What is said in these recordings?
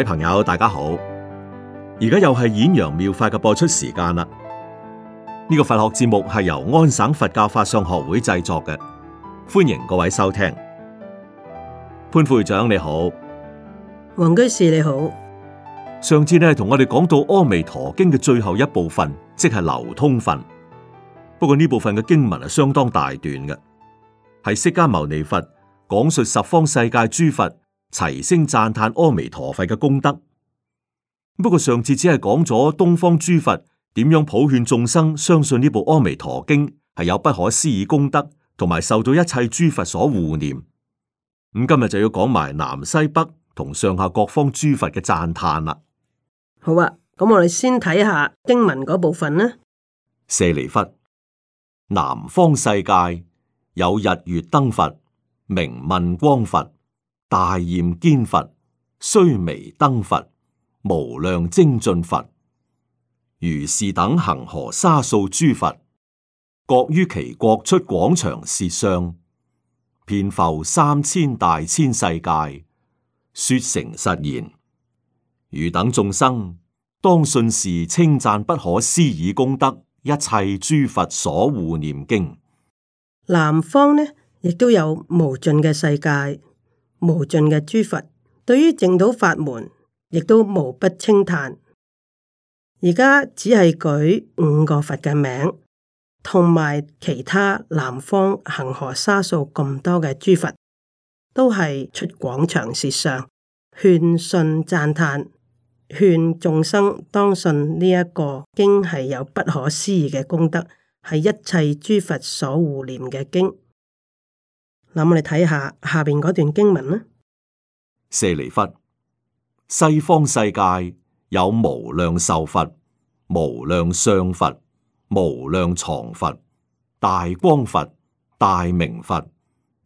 各位朋友，大家好！而家又係《演揚妙法》嘅播出時間啦。呢個佛學節目係由安省佛教法相學會製作嘅，歡迎各位收聽。潘副會長你好，黃居士你好。上次咧同我哋講到《阿彌陀經》嘅最後一部分，即係流通分。不過呢部分嘅經文係相當大段嘅，係釋迦牟尼佛講述十方世界諸佛。齊聲讚歎阿彌陀佛嘅功德。不過上次只係講咗東方諸佛點樣普勸眾生相信呢部《阿彌陀經》係有不可思議功德，同埋受到一切諸佛所護念。咁今日就要講埋南西北同上下各方諸佛嘅讚歎啦。好啊，咁我哋先睇下經文嗰部分啦。舍利弗，南方世界有日月燈佛、名聞光佛。大焰肩佛、須彌燈佛、無量精進佛、如是等恆河沙數諸佛，各於其國出廣長舌相遍覆三千大千世界，說誠實言。汝等眾生當信是，稱讚不可思議功德，一切諸佛所護念經。南方呢，亦都有無盡嘅世界。無盡嘅諸佛對於淨土法門，亦都無不稱歎。而家只係舉五個佛嘅名，同埋其他南方恒河沙數咁多嘅諸佛，都係出廣長舌上勸信讚歎，勸眾生當信呢一個經係有不可思議嘅功德，係一切諸佛所護念嘅經。咁我哋睇下下邊嗰段經文啦。舍利弗，西方世界有無量壽佛、無量相佛、無量藏佛、大光佛、大明佛、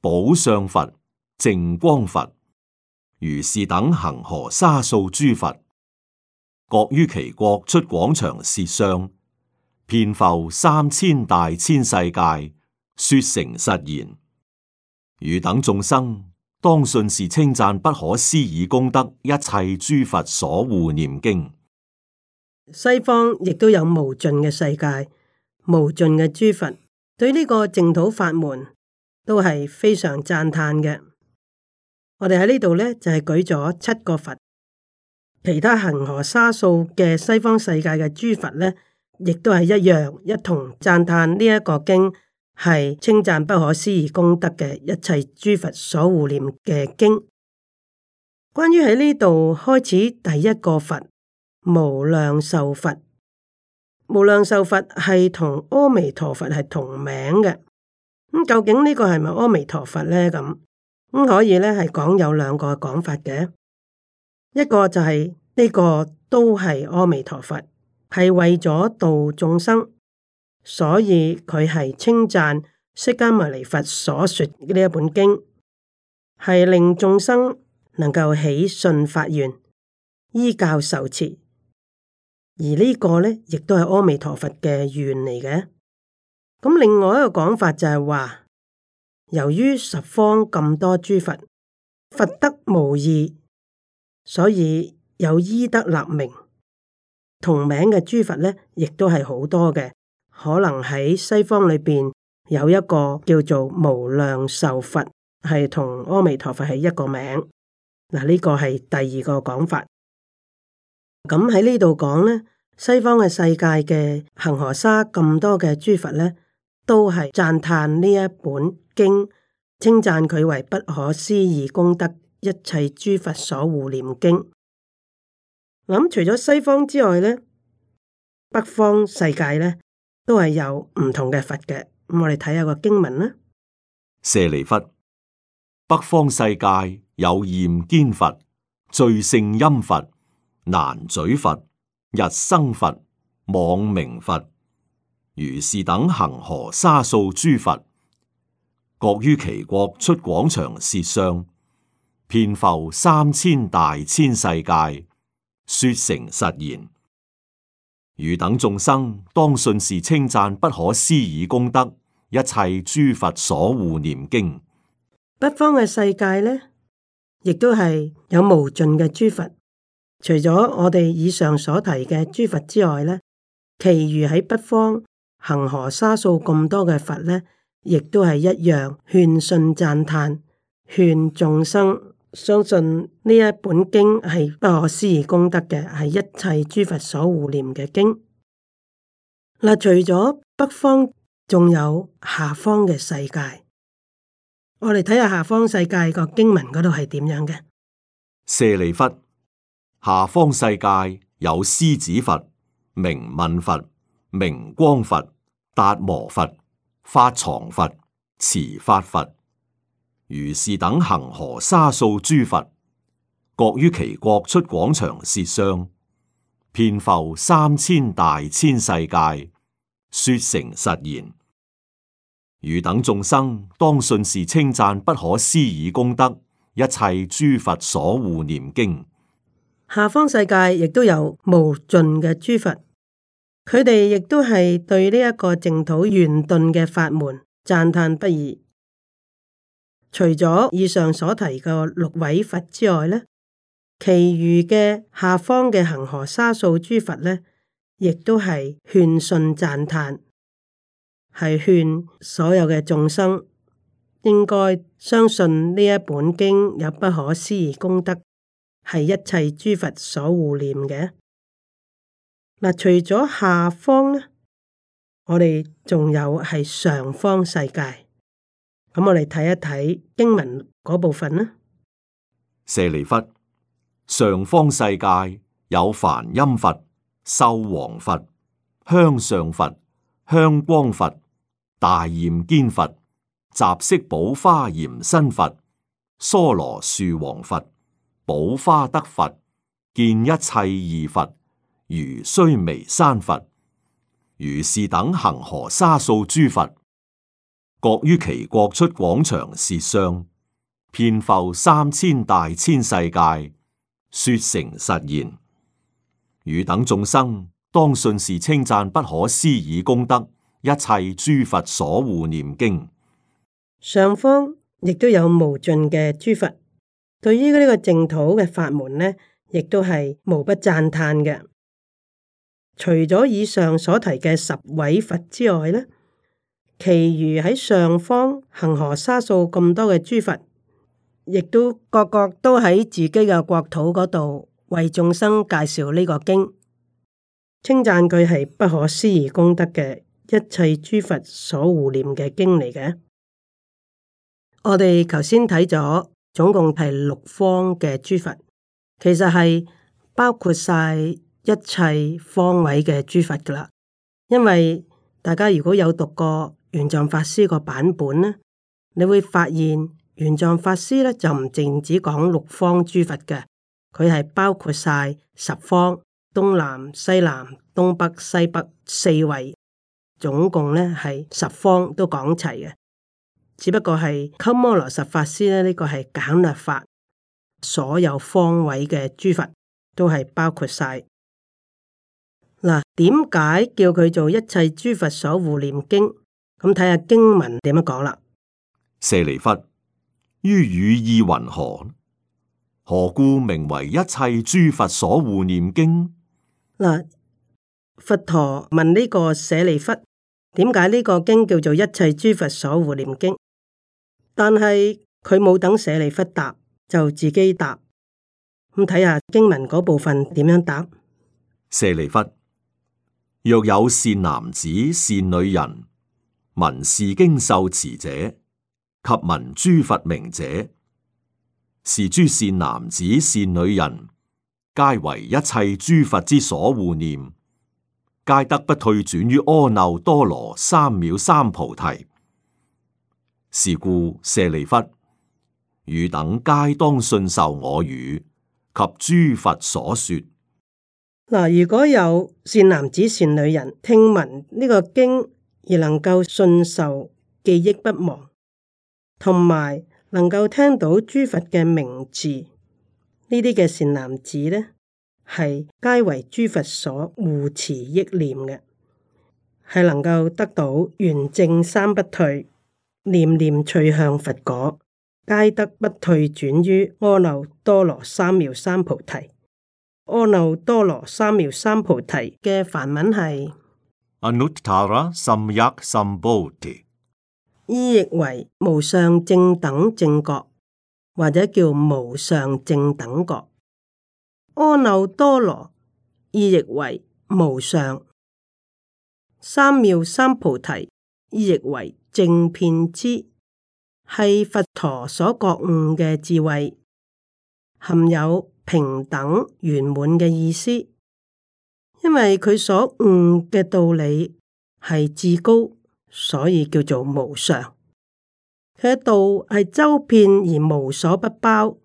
寶相佛、淨光佛，如是等恒河沙數諸佛，各於其國出廣長舌相，遍覆三千大千世界，說成實言。汝等眾生當信是稱讚不可思議功德一切諸佛所護念經，西方亦都有無盡嘅世界，無盡嘅諸佛對呢個淨土法門都係非常讚歎嘅。我哋喺呢度呢，就係、是、舉咗七個佛，其他恒河沙數嘅西方世界嘅諸佛呢，亦都係一樣一同讚歎呢一個經。係稱讚不可思議功德嘅一切諸佛所護念嘅經。關於喺呢度開始第一個佛，無量壽佛，無量壽佛係同阿彌陀佛係同名嘅。咁、嗯、究竟呢個係咪阿彌陀佛呢？咁、嗯、可以呢？係講有兩個講法嘅，一個就係、是、呢、呢個都係阿彌陀佛，係為咗度眾生。所以佢係稱讚釋迦牟尼佛所說呢一本經，係令眾生能夠起信發願，依教受持。而呢個呢，亦都係阿彌陀佛嘅願嚟嘅。咁另外一個講法就係話，由於十方咁多諸佛，佛德無異，所以有依德立名，同名嘅諸佛呢，亦都係好多嘅。可能喺西方裏邊有一個叫做無量壽佛，係同阿彌陀佛係一個名。嗱，呢個係第二個講法。咁喺呢度講呢，西方嘅世界嘅恒河沙咁多嘅諸佛呢，都係讚嘆呢一本經，稱讚佢為不可思議功德一切諸佛所護念經。咁、嗯、除咗西方之外呢，北方世界呢。都係有唔同嘅佛嘅，咁我哋睇下個經文啦。舍利弗，北方世界有焰肩佛、最勝音佛、難沮佛、日生佛、網明佛，如是等恒河沙數諸佛，各於其國出廣長舌相，遍覆三千大千世界，說誠實言。汝等眾生當信是稱讚不可思議功德一切諸佛所護念經。北方嘅世界呢，亦都係有無盡嘅諸佛。除咗我哋以上所提嘅諸佛之外呢，其餘喺北方恒河沙數咁多嘅佛呢，亦都係一樣勸信讚歎勸眾生。相信呢一本經係不可思議功德嘅，係一切諸佛所護念嘅經。嗱，除咗北方，仲有下方嘅世界。我哋睇下下方世界個經文嗰度係點樣嘅？舍利弗，下方世界有獅子佛、名聞佛、名光佛、達摩佛、法藏佛、持法佛。如是等恆河沙數諸佛，各於其國出廣長舌相，遍覆三千大千世界，說誠實言。汝等眾生當信是稱讚不可思議功德，一切諸佛所護念經。下方世界亦都有無盡嘅諸佛，佢哋亦都係對呢一個淨土圓頓嘅法門讚歎不已。除咗以上所提嘅六位佛之外呢，呢其餘嘅下方嘅恒河沙數諸佛呢，亦都係勸信讚嘆，係勸所有嘅眾生應該相信呢一本經有不可思議功德，係一切諸佛所護念嘅。嗱，除咗下方呢，我哋仲有係上方世界。咁我嚟睇一睇經文嗰部分啦。舍利弗，上方世界有梵音佛、宿王佛、香上佛、香光佛、大焰肩佛、雜色寶花嚴身佛、娑羅樹王佛、寶花德佛、見一切義佛、如須彌山佛、如是等恒河沙數諸佛。各於其國出廣長舌相，遍覆三千大千世界，說誠實言。汝等眾生當信是稱讚不可思議功德，一切諸佛所護念經。上方亦都有無盡嘅諸佛，對於呢個淨土嘅法門呢，亦都係無不讚歎嘅。除咗以上所提嘅十位佛之外呢，其餘喺上方恒河沙數咁多嘅諸佛，亦都各各都喺自己嘅國土嗰度為眾生介紹呢個經，稱讚佢係不可思議功德嘅一切諸佛所護念嘅經嚟嘅。我哋頭先睇咗，總共係六方嘅諸佛，其實係包括晒一切方位嘅諸佛噶啦。因為大家如果有讀過。玄奘法師個版本呢，你會發現玄奘法師呢，就唔淨止講六方諸佛嘅，佢係包括晒十方，東南西南東北西北四位，總共呢係十方都講齊嘅。只不過係鳩摩羅什法師呢，呢、這個係簡略法，所有方位嘅諸佛都係包括晒。嗱，點解叫佢做一切諸佛所護念經？咁睇下經文點樣講啦。舍利弗，於汝意云何？何故名為一切諸佛所護念經？嗱，佛陀問呢個舍利弗，點解呢個經叫做一切諸佛所護念經？但係佢冇等舍利弗答，就自己答。咁睇下經文嗰部分點樣答。舍利弗，若有善男子、善女人。聞是經受持者及聞諸佛名者，是諸善男子、善女人，皆為一切諸佛之所護念，皆得不退轉於阿耨多羅三藐三菩提。是故舍利弗，汝等皆當信受我語及諸佛所說。嗱，如果有善男子、善女人聽聞呢個經。而能夠信受記憶不忘，同埋能夠聽到諸佛嘅名字，呢啲嘅善男子咧，係皆為諸佛所護持憶念嘅，係能夠得到圓正三不退，念念趣向佛果，皆得不退轉於阿耨多羅三藐三菩提。阿耨多羅三藐三菩提嘅梵文係。阿耨多羅三藐三菩提，意譯為無上正等正覺，或者叫無上正等覺。阿耨多羅意譯為無上。三藐三菩提意譯為正遍知，係佛陀所覺悟嘅智慧，含有平等圓滿嘅意思。因為佢所悟嘅道理係至高，所以叫做無上。佢嘅道係周遍而無所不包，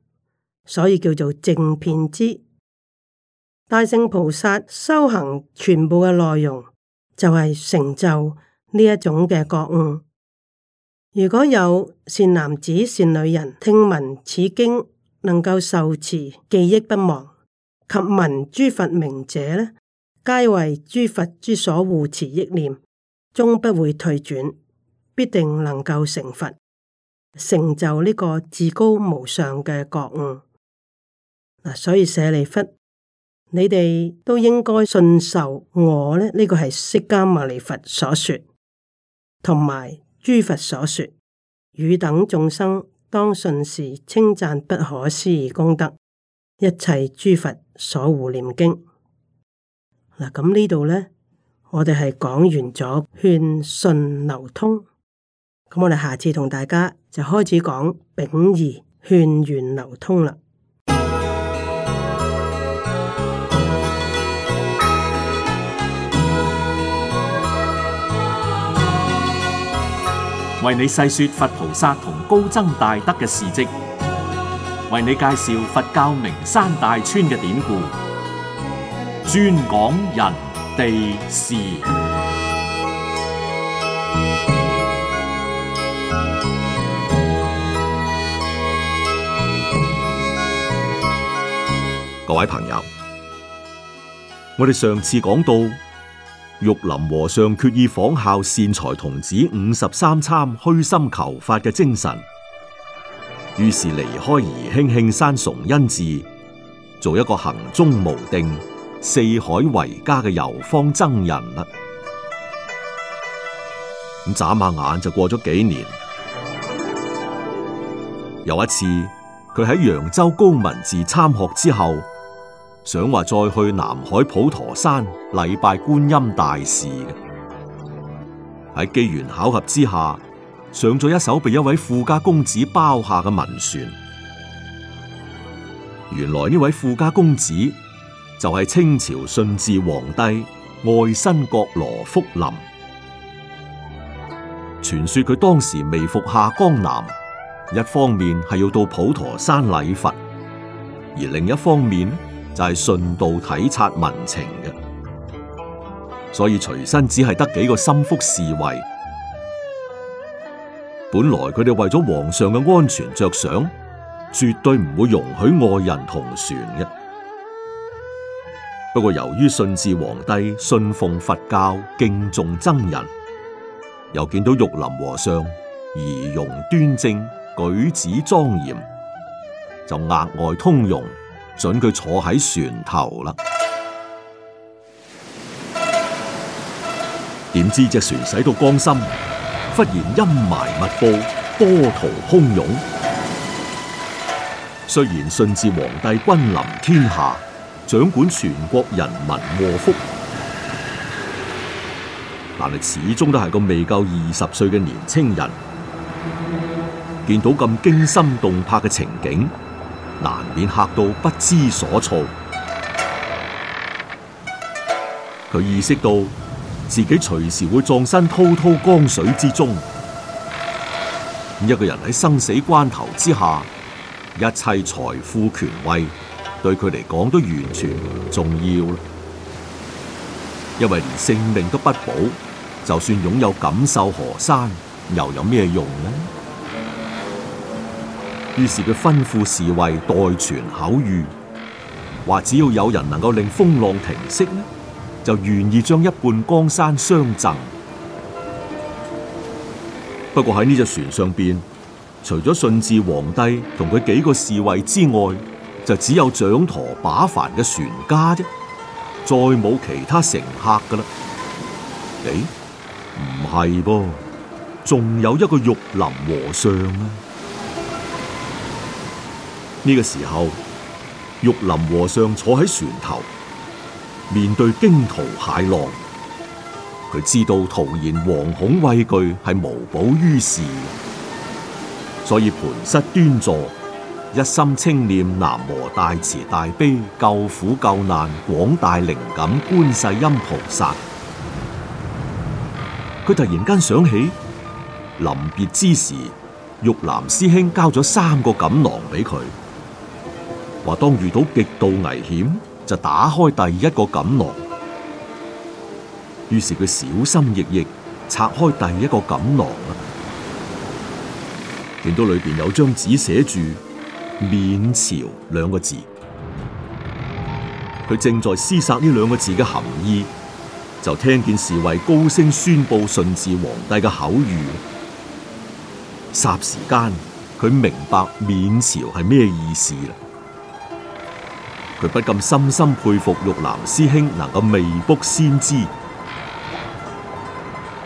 所以叫做正遍知。大聖菩薩修行全部嘅內容就係成就呢一種嘅覺悟。如果有善男子、善女人聽聞此經，能夠受持、記憶不忘及聞諸佛名者咧，皆為諸佛之所護持憶念，憶念終不會退轉，必定能夠成佛，成就呢個至高無上嘅覺悟。所以舍利弗，你哋都應該信受我呢、這個係釋迦牟尼佛所說，同埋諸佛所說，汝等眾生當信時，稱讚不可思議功德，一切諸佛所護念經。嗱，咁呢度呢，我哋係講完咗勸信流通，咁我哋下次同大家就開始講丙二勸願流通啦。為你細說佛菩薩同高僧大德嘅事跡，為你介紹佛教名山大川嘅典故。專講人地事，各位朋友，我哋上次講到，玉林和尚決意仿效善財童子五十三參虛心求法嘅精神，於是離開宜興磬山崇恩寺，做一個行蹤無定。四海為家嘅遊方僧人啦，咁眨下眼就過咗幾年。有一次，佢喺揚州高旻寺參學之後，想話再去南海普陀山禮拜觀音大士嘅。喺機緣巧合之下，上咗一艘被一位富家公子包下嘅民船。原來呢位富家公子。就係清朝順治皇帝愛新覺羅福臨。傳說佢當時微服下江南，一方面係要到普陀山禮佛，而另一方面就係順道體察民情嘅，所以隨身只係得幾個心腹侍衛。本來佢哋為咗皇上嘅安全着想，絕對唔會容許外人同船嘅。不過由於順治皇帝信奉佛教，敬重僧人，又見到玉林和尚儀容端正，舉止莊嚴，就額外通融，准佢坐喺船頭啦。點知隻船駛到江心，忽然陰霾密布，波濤洶湧。雖然順治皇帝君臨天下。掌管全國人民禍福，但係始終都係個未夠二十歲嘅年青人，見到咁驚心動魄嘅情景，難免嚇到不知所措。佢意識到自己隨時會葬身滔滔江水之中。一個人喺生死關頭之下，一切財富、權威，對佢嚟講都完全唔重要啦，因為連性命都不保，就算擁有錦繡河山，又有咩用呢？於是佢吩咐侍衛代傳口諭，話只要有人能夠令風浪停息呢，就願意將一半江山相贈。不過喺呢隻船上邊，除咗順治皇帝同佢幾個侍衛之外，就只有掌舵把帆嘅船家啫，再冇其他乘客噶啦。誒、欸，唔係噃，仲有一個玉林和尚啊！呢、呢個時候，玉林和尚坐喺船頭，面對驚濤駭浪，佢知道徒然惶恐畏懼係無補於事，所以盤膝端坐。一心清念，南無大慈大悲救苦救難廣大靈感觀世音菩薩。佢突然間想起臨別之時，玉林師兄交咗三個錦囊俾佢，話當遇到極度危險就打開第一個錦囊。於是佢小心翼翼拆開第一個錦囊啊，見到裏邊有張紙寫住，“免朝”兩個字，佢正在思索呢兩個字嘅含義，就聽見侍衛高聲宣布順治皇帝嘅口諭。霎時間，佢明白“免朝”係咩意思啦。佢不禁深深佩服玉林師兄能夠未卜先知。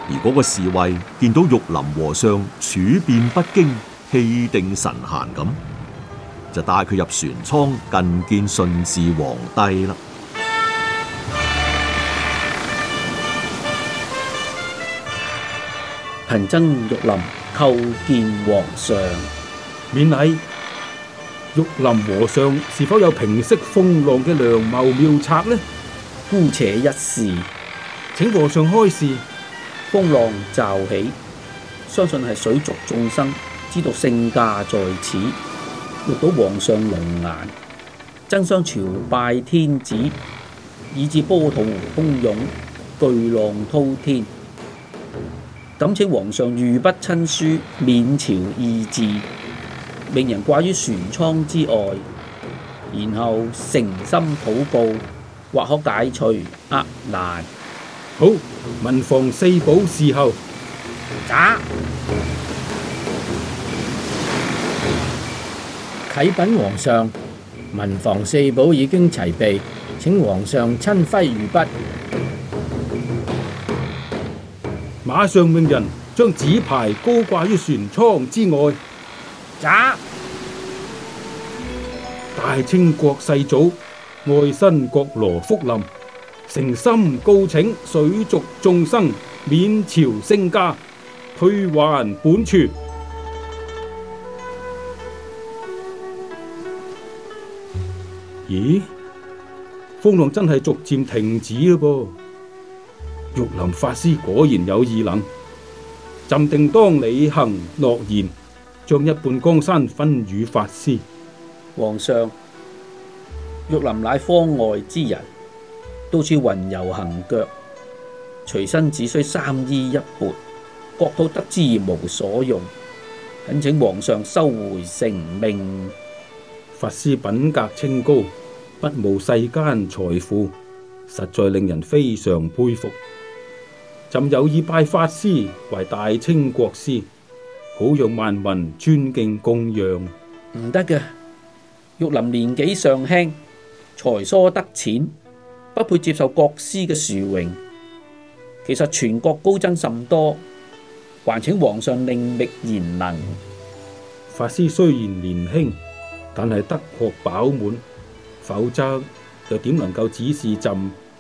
而果個侍衛見到玉林和尚處變不驚、氣定神閒咁。就帶佢入船艙覲見順治皇帝啦。貧僧玉林叩見皇上，免禮。玉林和尚是否有平息風浪嘅良謀妙策呢？姑且一試，請和尚開示。風浪驟起，相信係水族眾生知道聖駕在此。欲到皇上龍顏，爭相朝拜天子，以至波濤洶湧，巨浪滔天。敢請皇上御筆親書，免朝二字，命人掛於船艙之外，然後誠心禱告，或可解除厄難。好，文房四寶侍候。啟稟皇上，文房四寶已經齊備，請皇上親揮御筆，馬上命人將紙牌高掛於船艙之外。喳咋！大清國世祖愛新覺羅福臨，誠心告請水族眾生，免朝聖駕，退還本處。咦，風浪真係逐漸停止咯噃！玉林法師果然有異能。朕定當履行諾言，將一半江山分與法師。皇上，玉林乃方外之人，到處雲遊行腳，隨身只需三衣一缽，國土得之無所用。懇請皇上收回成命。法師品格清高。不慕世間財富，實在令人非常佩服。朕有意拜法師為大清國師，好讓萬民尊敬供養。唔得㗎，玉林年紀尚輕，才疏德淺，不配接受國師嘅殊榮。其實全國高僧甚多，還請皇上另覓賢能。法師雖然年輕，但係德學飽滿。否則又點能夠指示朕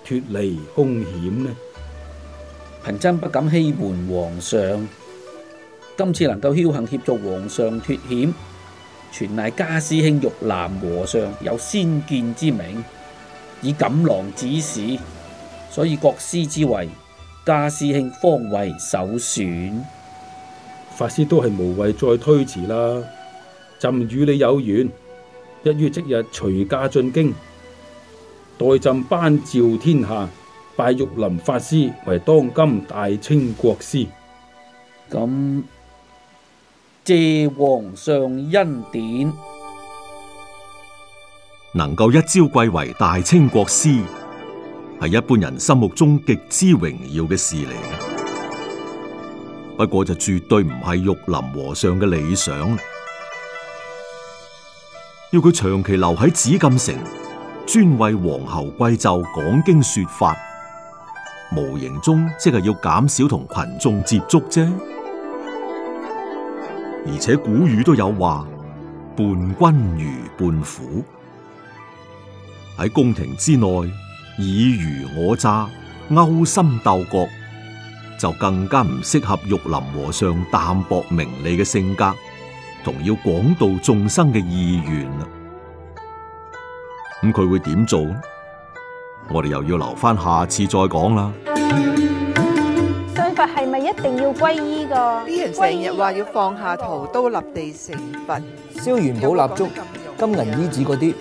脫離兇險呢？貧僧不敢欺瞞皇上，今次能夠僥倖協助皇上脫險，全賴家師兄玉林和尚有先見之明，以錦囊指示，所以國師之位，家師兄方為首選。法師都係無謂再推辭啦，朕與你有緣。一於即日隨駕進京，待朕頒詔天下，拜玉林法師為當今大清國師。咁謝皇上恩典，能夠一朝貴為大清國師，係一般人心目中極之榮耀嘅事嚟。不過就絕對唔係玉林和尚嘅理想。要佢長期留喺紫禁城，專為皇后貴胄講經說法，無形中即係要減少同群眾接觸啫。而且古語都有話：伴君如伴虎。喺宮廷之內，爾虞我詐、勾心鬥角，就更加唔適合玉林和尚淡泊名利嘅性格。同要廣度眾生嘅意願啦，咁佢會點做？我哋又要留翻下，下次再講啦。信佛係咪一定要皈依噶？啲人成日話要放下屠刀立地成佛，燒元寶蠟燭、金銀衣紙嗰啲，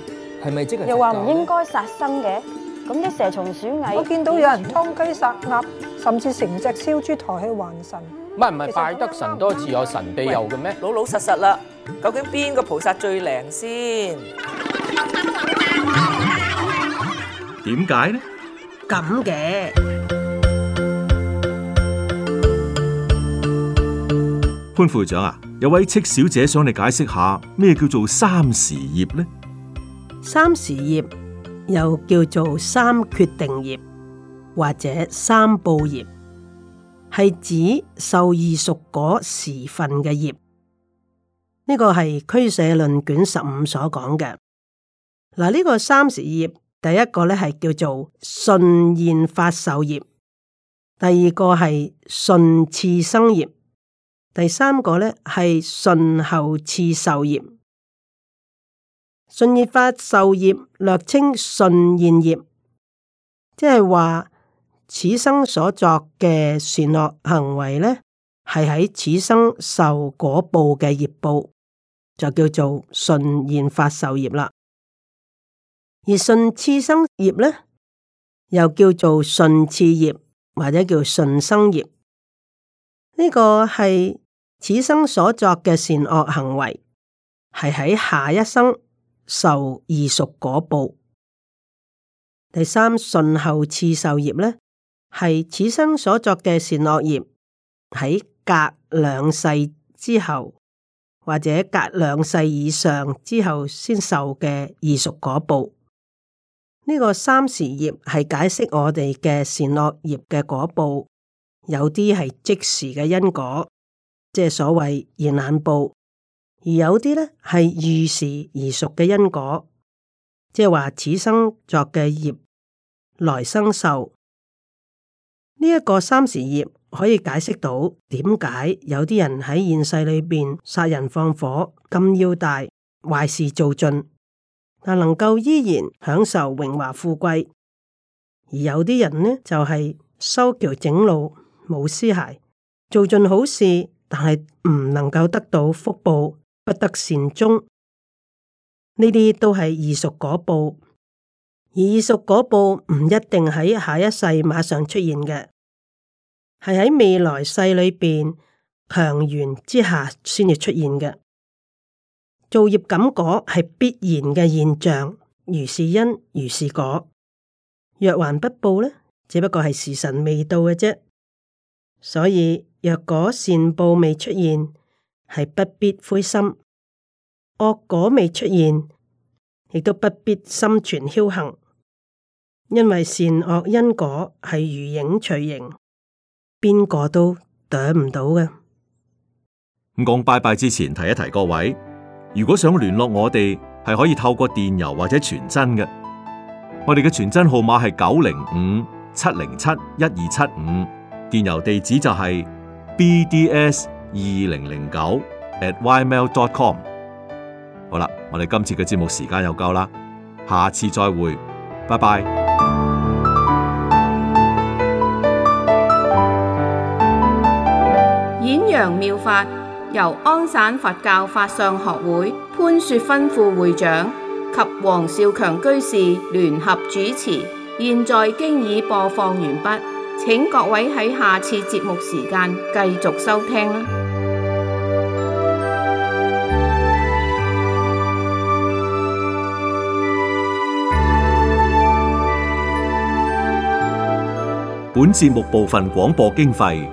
係咪、啊、即係？又話唔應該殺生嘅，咁啲蛇蟲鼠蟻，我見到有人劏雞殺鴨，甚至成隻燒豬抬去還神。乜唔係，拜得神多自有神庇佑嘅咩？老老實實啦，究竟邊個菩薩最靈先？點解呢？咁嘅潘副長啊，有位戚小姐想你解釋下咩叫做三時業呢？三時業又叫做三決定業或者三報業。係指受異熟果時分嘅業，呢個係《俱舍論》卷十五所講嘅。嗱，呢個三時業，第一個咧係叫做順現法受業，第二個係順次生業，第三個咧係順後次受業。順現法受業，略稱順現業，即係話。此生所作嘅善惡行為咧，係喺此生受果報嘅業報，就叫做順現法受業啦。而順次生業咧，又叫做順次業或者叫順生業，呢、這個係此生所作嘅善惡行為，係喺下一生受異熟果報。第三順後次受業咧。係此生所作嘅善惡業，喺隔兩世之後，或者隔兩世以上之後先受嘅異熟果報。呢、這個三時業係解釋我哋嘅善惡業嘅果報，有啲係即時嘅因果，即係所謂現眼報；而有啲咧係遇時易熟嘅因果，即係話此生作嘅業，來生受。呢一個三時業可以解釋到點解有啲人喺現世裏面殺人放火、金腰帶、壞事做盡，但能夠依然享受榮華富貴；而有啲人呢就係、是、修橋整路、冇屍骸、做盡好事，但係唔能夠得到福報，不得善終。呢啲都係異熟果報，而異熟果報唔一定喺下一世馬上出現嘅。係喺未來世裏邊強緣之下先至出現嘅。造業感果係必然嘅現象，如是因如是果。若還不報呢？只不過係時辰未到嘅啫。所以若果善報未出現，係不必灰心；惡果未出現，亦都不必心存僥幸，因為善惡因果係如影隨形。邊個都奪唔到嘅。咁講拜拜之前，提一提各位，如果想聯絡我哋，係可以透過電郵或者傳真嘅。我哋嘅傳真號碼係九零五七零七一二七五，75，電郵地址就係 bds 二零零九 @ymail.com。好啦，我哋今次嘅節目時間又夠啦，下次再會，拜拜。妙法由安省佛教法相學會潘雪芬副會長及黃少強居士聯合主持，現在經已播放完畢，請各位喺下次節目時間繼續收聽。本節目部分廣播經費。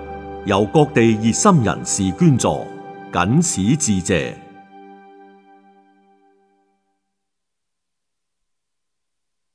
由各地熱心人士捐助，謹此致謝。